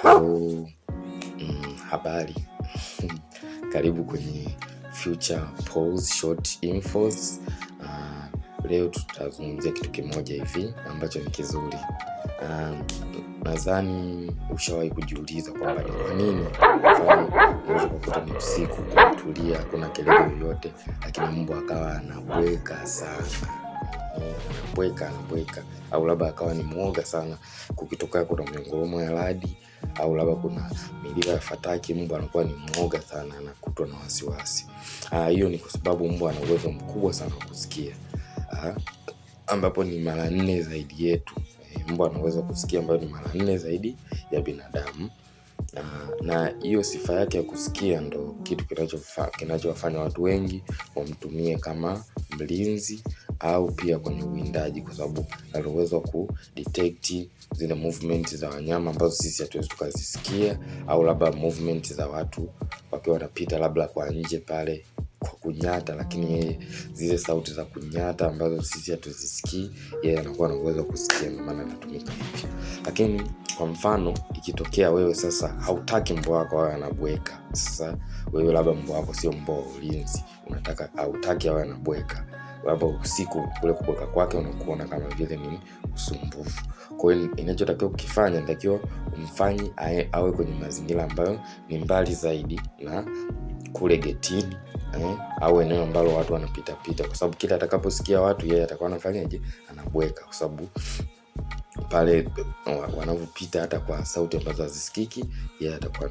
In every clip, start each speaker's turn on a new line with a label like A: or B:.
A: Hello. Mm, habari karibu kwenye Future Short Infos. Uh, leo tutazungumzia kitu kimoja hivi ambacho ni kizuri. Uh, nadhani ushawahi kujiuliza kwamba ni kwa nini unaweza kukuta ni usiku kutulia, hakuna kelele yoyote, lakini mbwa akawa anabweka sana anabweka anabweka, au labda akawa ni mwoga sana, kukitokea kuna mlongolomo ya radi au labda kuna milio ya fataki, mbwa anakuwa ni mwoga sana, anakutwa na wasiwasi. Ah, hiyo ni kwa sababu mbwa ana uwezo mkubwa sana wa kusikia, ah, ambapo ni mara nne zaidi yetu. Eh, mbwa anaweza kusikia ambayo ni mara nne zaidi ya binadamu ah, na hiyo sifa yake ya kusikia ndo kitu kinachowafanya watu wengi wamtumie kama mlinzi au pia kwenye uwindaji, kwa sababu ana uwezo wa kudetect zile movement za wanyama ambazo sisi hatuwezi tukazisikia, au labda movement za watu wakiwa wanapita labda kwa nje pale kwa kunyata, lakini yeye zile sauti za kunyata ambazo sisi hatuzisikii yeye anakuwa na uwezo wa kusikia, ndio maana anatumika hivyo. Lakini kwa mfano ikitokea wewe sasa hautaki mbwa wako awe anabweka, sasa wewe labda mbwa wako sio mbwa wa ulinzi, unataka hautaki awe anabweka labda usiku kule kuweka kwake unakuona kama vile ni usumbufu. kwahiyo inachotakiwa kukifanya, natakiwa umfanyi awe kwenye mazingira ambayo ni mbali zaidi na kule getini eh, au eneo ambalo watu wanapitapita, kwa sababu kila atakaposikia watu yeye atakuwa anafanyaje, anabweka kwa sababu pale wanavyopita hata kwa sauti ambazo hazisikiki, yeye atakuwa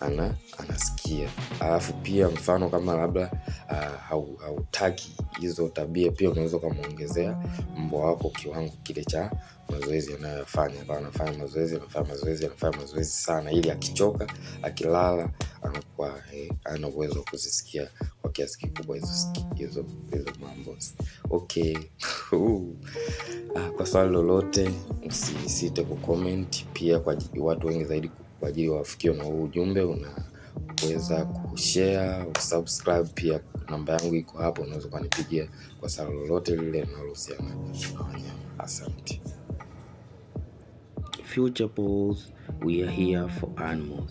A: ana, anasikia. Alafu pia mfano kama labda uh, hautaki hizo tabia, pia unaweza ukamwongezea mbwa wako kiwango kile cha mazoezi anayoyafanya, ambayo anafanya mazoezi anafanya mazoezi anafanya mazoezi sana, ili akichoka, akilala, anakuwa eh, ana uwezo wa kuzisikia kwa kiasi kikubwa hizo mambo. Okay. Uh, kwa swali lolote usisite kucomment pia kwa watu wengi zaidi, kwa ajili wafikiwe na huu ujumbe. Unaweza kushare, usubscribe pia. Namba yangu iko hapo, unaweza ukanipigia kwa swala lolote lile linalohusiana na wanyama. Asante.
B: Future Paws, we are here for animals.